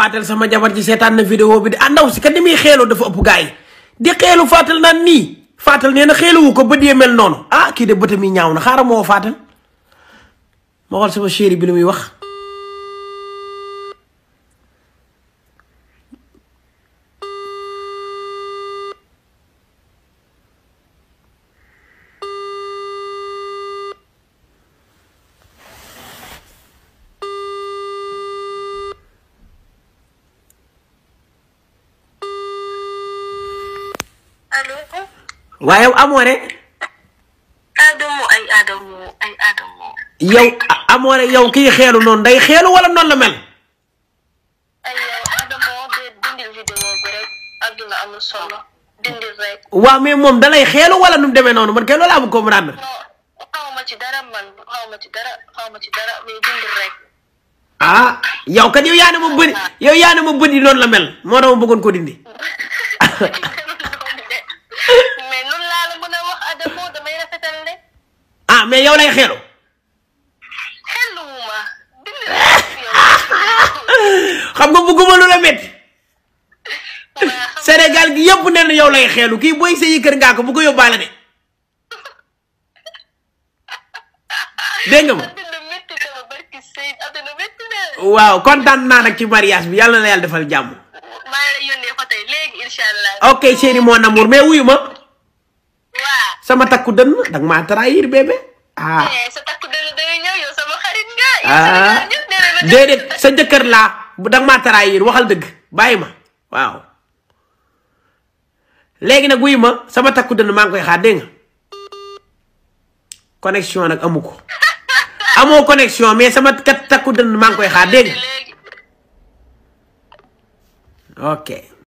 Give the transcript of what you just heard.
faatal sama jabar ji seetaan na vidéo bi de ah si kat ni muy xeeloo dafa ëpp gars yi di xeelu faatal naan nii faatal nee na xeeluwu ko bët yee mel noonu ah kii de bëtam yi ñaaw na xaaral moo faatal moo xool sama chéri bi lu muy wax. waaye Amore. Adamu ay Adamu ay Adamu. yow kii xeelu noonu day xeelu wala noon la mel. ay Adamu day dindil vidéo bi rek àdduna amul solo dindil rek. waaw mais moom dalay xeelu wala nu mu demee noonu man kay loolu amul comprendre. non xaw ci dara man xaw ma ci dara xaw ma ci dara mais dindil rek. ah yow kat yow ma bëri yow yaa ma bëri noonu la mel moo tax bëggoon ko dindi. mais yow lay xeelu. xam nga bëgguma lu la métti. Sénégal gi yëpp nee na yow lay xeelu ki booy sëyi kër ngaa ko bu ko yóbbaale de. ma. waaw kontaan naa nag ci mariage bi yàlla na yàlla defal jàmm. ok chéri mon amour mais sama takku dënn danga maa trahir bébé. ah sa takk dëgg sa jëkkër laa bu danga maa trahir waxal dëgg bàyyi ma waaw. léegi nag wuy ma sama takku dënn maa ngi koy xaar dégg nga connexion nag amu ko amoo connexion mais sama kat takku dënn maa ngi koy xaar dégg ok.